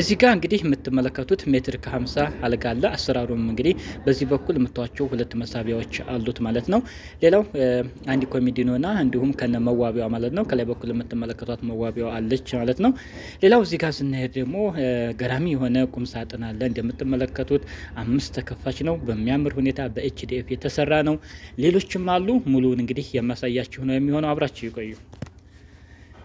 እዚህ ጋር እንግዲህ የምትመለከቱት ሜትር ከ50 አልጋ አለ። አሰራሩም እንግዲህ በዚህ በኩል የምታቸው ሁለት መሳቢያዎች አሉት ማለት ነው። ሌላው አንድ ኮሚዲኖና እንዲሁም ከነ መዋቢያ ማለት ነው። ከላይ በኩል የምትመለከቷት መዋቢያ አለች ማለት ነው። ሌላው እዚህ ጋር ስናሄድ ደግሞ ገራሚ የሆነ ቁም ሳጥን አለ። እንደምትመለከቱት አምስት ተከፋች ነው። በሚያምር ሁኔታ በኤችዲኤፍ የተሰራ ነው። ሌሎችም አሉ። ሙሉውን እንግዲህ የማሳያችሁ ነው የሚሆነው። አብራችሁ ይቆዩ።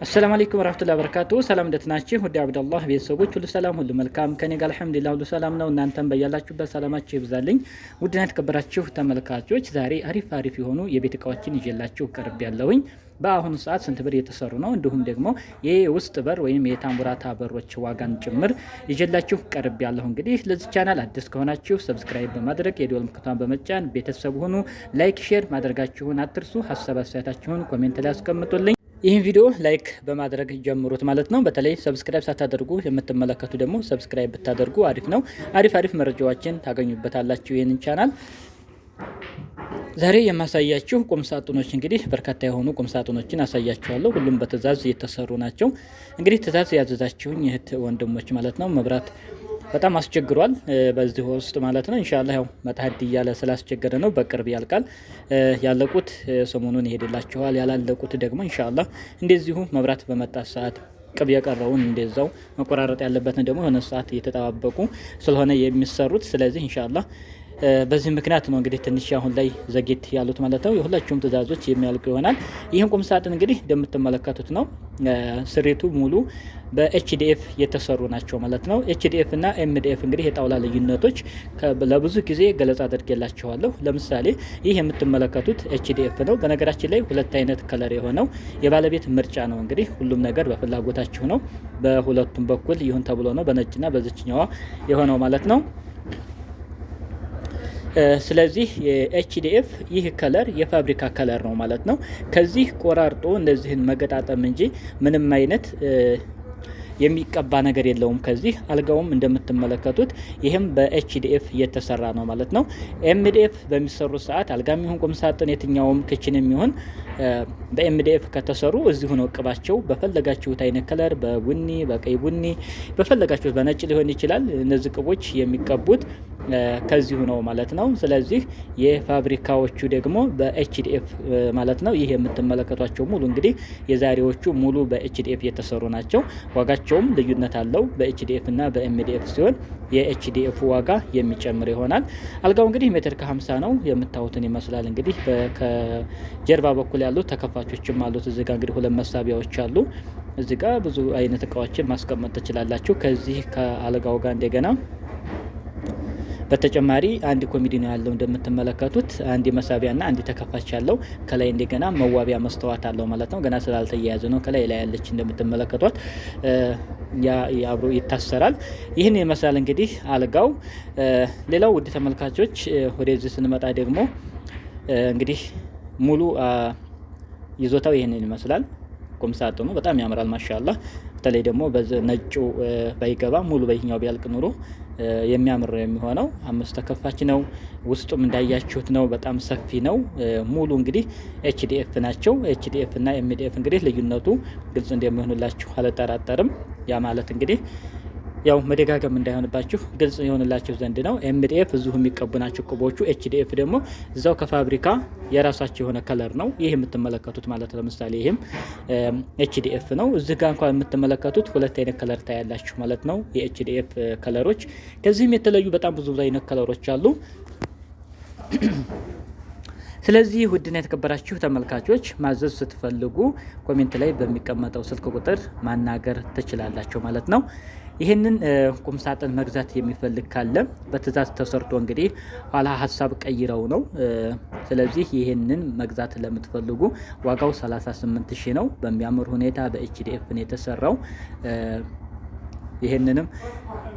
አሰላሙ አለይኩም ወራህመቱላሂ ወበረካቱ። ሰላም እንዴት ናችሁ? ወዲ አብደላህ ቤተሰቦች ሁሉ ሰላም ሁሉ መልካም ከኔ ጋር አልሐምዱሊላህ ሁሉ ሰላም ነው። እናንተም በያላችሁበት ሰላማችሁ ይብዛልኝ። ውድና የተከበራችሁ ተመልካቾች ዛሬ አሪፍ አሪፍ የሆኑ የቤት እቃዎችን ይዤላችሁ ቀርብ ያለውኝ በአሁኑ ሰዓት ስንት ብር እየተሰሩ ነው፣ እንዲሁም ደግሞ የውስጥ በር ወይም የታምቡራታ በሮች ዋጋን ጭምር ይዤላችሁ ቀርብ ያለሁ። እንግዲህ ለዚህ ቻናል አዲስ ከሆናችሁ ሰብስክራይብ በማድረግ የደወል ምልክቷን በመጫን ቤተሰብ ሁኑ። ላይክ፣ ሼር ማድረጋችሁን አትርሱ። ሀሳብ አስተያየታችሁን ኮሜንት ላይ አስቀምጡልኝ። ይህን ቪዲዮ ላይክ በማድረግ ጀምሩት ማለት ነው። በተለይ ሰብስክራይብ ሳታደርጉ የምትመለከቱ ደግሞ ሰብስክራይብ ብታደርጉ አሪፍ ነው። አሪፍ አሪፍ መረጃዎችን ታገኙበታላችሁ ይህንን ቻናል። ዛሬ የማሳያችሁ ቁም ሳጥኖች እንግዲህ በርካታ የሆኑ ቁም ሳጥኖችን አሳያችኋለሁ። ሁሉም በትእዛዝ የተሰሩ ናቸው። እንግዲህ ትእዛዝ ያዘዛችሁኝ እህት ወንድሞች ማለት ነው መብራት በጣም አስቸግሯል። በዚህ ውስጥ ማለት ነው ኢንሻላ ያው መጣህድ እያለ ስላስቸገረ ነው። በቅርብ ያልቃል። ያለቁት ሰሞኑን ይሄድላችኋል። ያላለቁት ደግሞ እንሻላ እንደዚሁ መብራት በመጣት ሰዓት ቅብ የቀረውን እንደዛው መቆራረጥ ያለበትን ደግሞ የሆነ ሰዓት እየተጠባበቁ ስለሆነ የሚሰሩት ስለዚህ እንሻላ። በዚህ ምክንያት ነው እንግዲህ ትንሽ አሁን ላይ ዘጌት ያሉት ማለት ነው። የሁላችሁም ትዕዛዞች የሚያልቁ ይሆናል። ይህን ቁም ሳጥን እንግዲህ እንደምትመለከቱት ነው። ስሪቱ ሙሉ በኤችዲኤፍ የተሰሩ ናቸው ማለት ነው። ኤችዲኤፍ እና ኤምዲኤፍ እንግዲህ የጣውላ ልዩነቶች ለብዙ ጊዜ ገለጻ አድርጌላቸዋለሁ ለምሳሌ ይህ የምትመለከቱት ኤችዲኤፍ ነው። በነገራችን ላይ ሁለት አይነት ከለር የሆነው የባለቤት ምርጫ ነው። እንግዲህ ሁሉም ነገር በፍላጎታችሁ ነው። በሁለቱም በኩል ይሁን ተብሎ ነው በነጭና በዝችኛዋ የሆነው ማለት ነው። ስለዚህ ኤችዲኤፍ ይህ ከለር የፋብሪካ ከለር ነው ማለት ነው። ከዚህ ቆራርጦ እነዚህን መገጣጠም እንጂ ምንም አይነት የሚቀባ ነገር የለውም። ከዚህ አልጋውም እንደምትመለከቱት ይህም በኤችዲኤፍ የተሰራ ነው ማለት ነው። ኤምዲኤፍ በሚሰሩ ሰዓት አልጋም ይሁን ቁምሳጥን የትኛውም ክችን የሚሆን በኤምዲኤፍ ከተሰሩ እዚሁ ነው ቅባቸው። በፈለጋችሁት አይነት ከለር በቡኒ በቀይ ቡኒ፣ በፈለጋችሁት በነጭ ሊሆን ይችላል። እነዚህ ቅቦች የሚቀቡት ከዚሁ ነው ማለት ነው። ስለዚህ የፋብሪካዎቹ ደግሞ በኤችዲኤፍ ማለት ነው። ይህ የምትመለከቷቸው ሙሉ እንግዲህ የዛሬዎቹ ሙሉ በኤችዲኤፍ የተሰሩ ናቸው። ዋጋቸውም ልዩነት አለው በኤችዲኤፍ እና በኤምዲኤፍ ሲሆን የኤችዲኤፍ ዋጋ የሚጨምር ይሆናል። አልጋው እንግዲህ ሜትር ከ50 ነው የምታዩትን ይመስላል። እንግዲህ ከጀርባ በኩል ያሉት ተከፋቾችም አሉት። እዚጋ ጋ እንግዲህ ሁለት መሳቢያዎች አሉ። እዚህ ጋ ብዙ አይነት እቃዎችን ማስቀመጥ ትችላላችሁ ከዚህ ከአልጋው ጋር እንደገና በተጨማሪ አንድ ኮሚዲ ነው ያለው እንደምትመለከቱት አንድ መሳቢያና አንድ ተከፋች ያለው ከላይ እንደገና መዋቢያ መስተዋት አለው ማለት ነው። ገና ስላልተያያዘ ነው። ከላይ ላይ ያለች እንደምትመለከቷት አብሮ ይታሰራል። ይህን የመሳል እንግዲህ አልጋው። ሌላው ውድ ተመልካቾች ወደዚህ ስንመጣ ደግሞ እንግዲህ ሙሉ ይዞታው ይህንን ይመስላል። ቁም ሳጥኑ በጣም ያምራል ማሻላ። በተለይ ደግሞ በነጩ ባይገባ ሙሉ በይኛው ቢያልቅ ኑሮ የሚያምር የሚሆነው አምስት ተከፋች ነው። ውስጡም እንዳያችሁት ነው፣ በጣም ሰፊ ነው። ሙሉ እንግዲህ ኤችዲኤፍ ናቸው። ኤችዲኤፍ እና ኤምዲኤፍ እንግዲህ ልዩነቱ ግልጽ እንደሚሆንላችሁ አልጠራጠርም። ያ ማለት እንግዲህ ያው መደጋገም እንዳይሆንባችሁ ግልጽ የሆንላችሁ ዘንድ ነው። ኤምዲኤፍ እዚሁ የሚቀቡ ናቸው ቁቦቹ። ኤችዲኤፍ ደግሞ እዛው ከፋብሪካ የራሳቸው የሆነ ከለር ነው። ይህ የምትመለከቱት ማለት ለምሳሌ ይህም ኤችዲኤፍ ነው። እዚህ ጋር እንኳን የምትመለከቱት ሁለት አይነት ከለር ታያላችሁ ማለት ነው፣ የኤችዲኤፍ ከለሮች። ከዚህም የተለዩ በጣም ብዙ አይነት ከለሮች አሉ። ስለዚህ ውድና የተከበራችሁ ተመልካቾች ማዘዝ ስትፈልጉ ኮሜንት ላይ በሚቀመጠው ስልክ ቁጥር ማናገር ትችላላችሁ ማለት ነው። ይህንን ቁምሳጥን መግዛት የሚፈልግ ካለ በትእዛዝ ተሰርቶ እንግዲህ ኋላ ሀሳብ ቀይረው ነው። ስለዚህ ይህንን መግዛት ለምትፈልጉ ዋጋው 38 ሺህ ነው። በሚያምር ሁኔታ በኤችዲኤፍ ነው የተሰራው። ይህንንም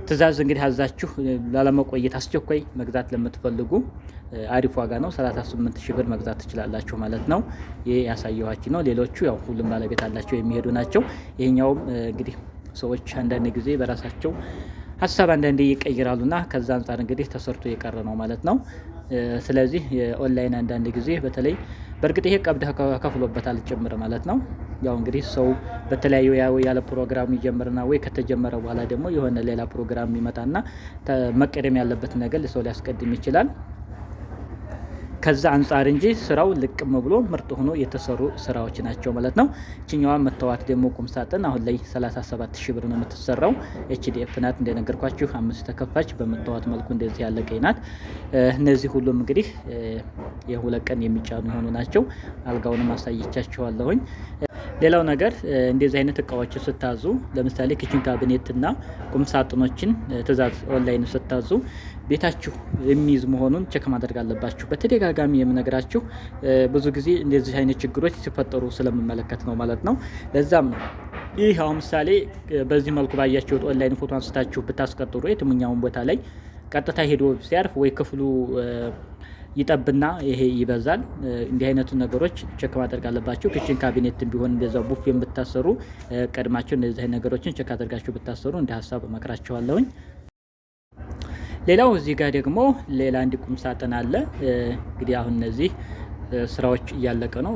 ትእዛዝ እንግዲህ አዛችሁ ላለመቆየት አስቸኳይ መግዛት ለምትፈልጉ አሪፍ ዋጋ ነው። 38 ሺ ብር መግዛት ትችላላችሁ ማለት ነው። ይህ ያሳየኋችሁ ነው። ሌሎቹ ያው ሁሉም ባለቤት አላቸው የሚሄዱ ናቸው። ይሄኛውም እንግዲህ ሰዎች አንዳንድ ጊዜ በራሳቸው ሀሳብ አንዳንዴ ይቀይራሉና ከዛ አንጻር እንግዲህ ተሰርቶ የቀረ ነው ማለት ነው። ስለዚህ ኦንላይን አንዳንድ ጊዜ በተለይ በእርግጥ ይሄ ቀብድ ከፍሎበታል ጭምር ማለት ነው። ያው እንግዲህ ሰው በተለያዩ ያለ ፕሮግራም ይጀምርና ወይ ከተጀመረ በኋላ ደግሞ የሆነ ሌላ ፕሮግራም ይመጣና መቀደም ያለበት ነገር ሰው ሊያስቀድም ይችላል። ከዛ አንጻር እንጂ ስራው ልቅም ብሎ ምርጥ ሆኖ የተሰሩ ስራዎች ናቸው ማለት ነው። ችኛዋ መተዋት ደግሞ ቁም ሳጥን አሁን ላይ 37 ሺህ ብር ነው የምትሰራው። ኤችዲኤፍ ናት እንደነገርኳችሁ፣ አምስት ተከፋች በመተዋት መልኩ እንደዚህ ያለ ናት። እነዚህ ሁሉም እንግዲህ የሁለት ቀን የሚጫኑ የሆኑ ናቸው። አልጋውንም አሳይቻችኋለሁኝ። ሌላው ነገር እንደዚህ አይነት እቃዎች ስታዙ ለምሳሌ ኪችን ካቢኔትና ቁም ሳጥኖችን ትእዛዝ ኦንላይን ስታዙ ቤታችሁ የሚይዝ መሆኑን ቸክ ማድረግ አለባችሁ። በተደጋጋሚ የምነግራችሁ ብዙ ጊዜ እንደዚህ አይነት ችግሮች ሲፈጠሩ ስለምመለከት ነው ማለት ነው። ለዛም ነው ይህ አሁን ምሳሌ በዚህ መልኩ ባያችሁት ኦንላይን ፎቶ አንስታችሁ ብታስቀጥሩ የትኛውን ቦታ ላይ ቀጥታ ሄዶ ሲያርፍ ወይ ክፍሉ ይጠብና ይሄ ይበዛል። እንዲህ አይነቱ ነገሮች ቸክ ማድረግ አለባቸው። ክችን ካቢኔት ቢሆን እንደዛው ቡፌ ብታሰሩ ቀድማቸው እንደዚህ ነገሮችን ቸክ አድርጋችሁ ብታሰሩ እንደ ሀሳብ መክራቸዋለሁኝ። ሌላው እዚህ ጋር ደግሞ ሌላ አንድ ቁም ሳጥን አለ። እንግዲህ አሁን እነዚህ ስራዎች እያለቀ ነው።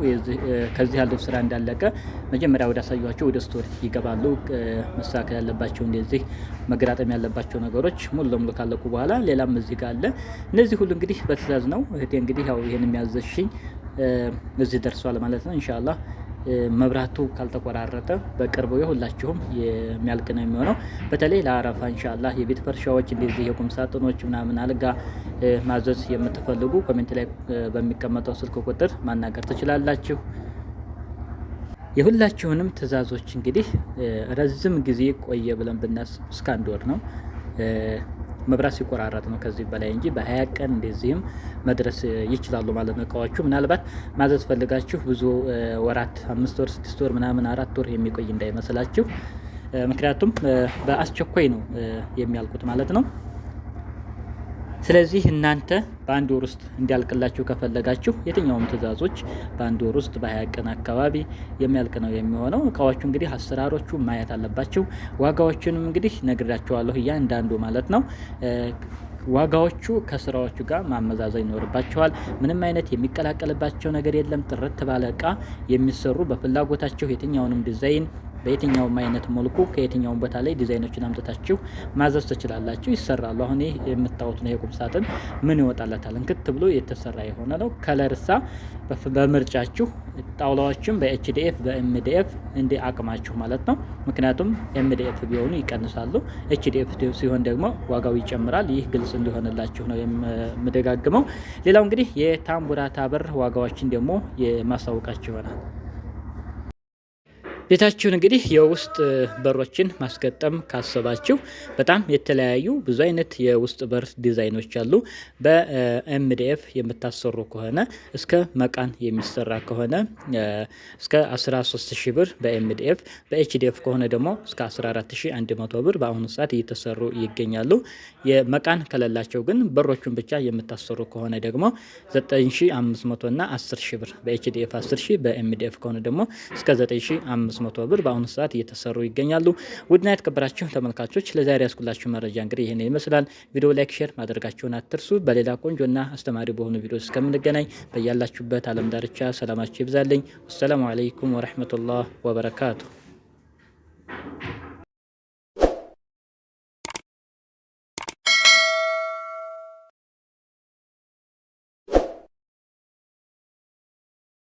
ከዚህ ያለው ስራ እንዳለቀ መጀመሪያ ወደ አሳዩቸው ወደ ስቶር ይገባሉ። መስተካከል ያለባቸው እንደዚህ መገራጠም ያለባቸው ነገሮች ሙሉ ለሙሉ ካለቁ በኋላ ሌላም እዚህ ጋር አለ። እነዚህ ሁሉ እንግዲህ በትእዛዝ ነው። እህቴ እንግዲህ ያው ይህን የሚያዘሽኝ እዚህ ደርሷል ማለት ነው እንሻላ። መብራቱ ካልተቆራረጠ በቅርቡ የሁላችሁም የሚያልቅ ነው የሚሆነው። በተለይ ለአረፋ እንሻላ የቤት ፈርሻዎች እንደዚህ የቁም ሳጥኖች ምናምን አልጋ ማዘዝ የምትፈልጉ ኮሜንት ላይ በሚቀመጠው ስልክ ቁጥር ማናገር ትችላላችሁ። የሁላችሁንም ትዕዛዞች እንግዲህ ረዝም ጊዜ ቆየ ብለን ብናስብ እስከ አንድ ወር ነው። መብራት ሲቆራረጥ ነው ከዚህ በላይ እንጂ በሀያ ቀን እንደዚህም መድረስ ይችላሉ ማለት ነው እቃዎቹ። ምናልባት ማዘዝ ፈልጋችሁ ብዙ ወራት አምስት ወር ስድስት ወር ምናምን አራት ወር የሚቆይ እንዳይመስላችሁ፣ ምክንያቱም በአስቸኳይ ነው የሚያልቁት ማለት ነው። ስለዚህ እናንተ በአንድ ወር ውስጥ እንዲያልቅላችሁ ከፈለጋችሁ የትኛውም ትዕዛዞች በአንድ ወር ውስጥ በሀያ ቀን አካባቢ የሚያልቅ ነው የሚሆነው። እቃዎቹ እንግዲህ አሰራሮቹ ማየት አለባቸው። ዋጋዎቹንም እንግዲህ ነግዳችኋለሁ እያንዳንዱ ማለት ነው። ዋጋዎቹ ከስራዎቹ ጋር ማመዛዘን ይኖርባቸዋል። ምንም አይነት የሚቀላቀልባቸው ነገር የለም። ጥርት ባለ እቃ የሚሰሩ በፍላጎታቸው የትኛውንም ዲዛይን በየትኛውም አይነት መልኩ ከየትኛውም ቦታ ላይ ዲዛይኖችን አምጥታችሁ ማዘዝ ትችላላችሁ። ይሰራሉ። አሁን ይህ የምታወቱ ነው የቁም ሳጥን ምን ይወጣለታል። እንክት ብሎ የተሰራ የሆነ ነው። ከለርሳ በምርጫችሁ ጣውላዎችም በኤችዲኤፍ በኤምዲኤፍ እንዲ አቅማችሁ ማለት ነው። ምክንያቱም ኤምዲኤፍ ቢሆኑ ይቀንሳሉ፣ ኤችዲኤፍ ሲሆን ደግሞ ዋጋው ይጨምራል። ይህ ግልጽ እንዲሆንላችሁ ነው የምደጋግመው። ሌላው እንግዲህ የታምቡራታ በር ዋጋዎችን ደግሞ የማስታወቃችሁ ይሆናል። ቤታችሁን እንግዲህ የውስጥ በሮችን ማስገጠም ካሰባችሁ በጣም የተለያዩ ብዙ አይነት የውስጥ በር ዲዛይኖች አሉ። በኤምዲኤፍ የምታሰሩ ከሆነ እስከ መቃን የሚሰራ ከሆነ እስከ 13000 ብር በኤምዲኤፍ፣ በኤችዲኤፍ ከሆነ ደግሞ እስከ 14100 ብር በአሁኑ ሰዓት እየተሰሩ ይገኛሉ። የመቃን ከሌላቸው ግን በሮቹን ብቻ የምታሰሩ ከሆነ ደግሞ 9500 እና 10000 ብር በኤችዲኤፍ 10000 በኤምዲኤፍ ከሆነ ደግሞ እስከ 9500 300 ብር በአሁኑ ሰዓት እየተሰሩ ይገኛሉ። ውድና የተከበራችሁ ተመልካቾች ለዛሬ ያስኩላችሁ መረጃ እንግዲህ ይህን ይመስላል። ቪዲዮ ላይክ፣ ሼር ማድረጋችሁን አትርሱ። በሌላ ቆንጆና አስተማሪ በሆኑ ቪዲዮ እስከምንገናኝ በያላችሁበት አለም ዳርቻ ሰላማችሁ ይብዛልኝ። አሰላሙ አለይኩም ወረህመቱላህ ወበረካቱ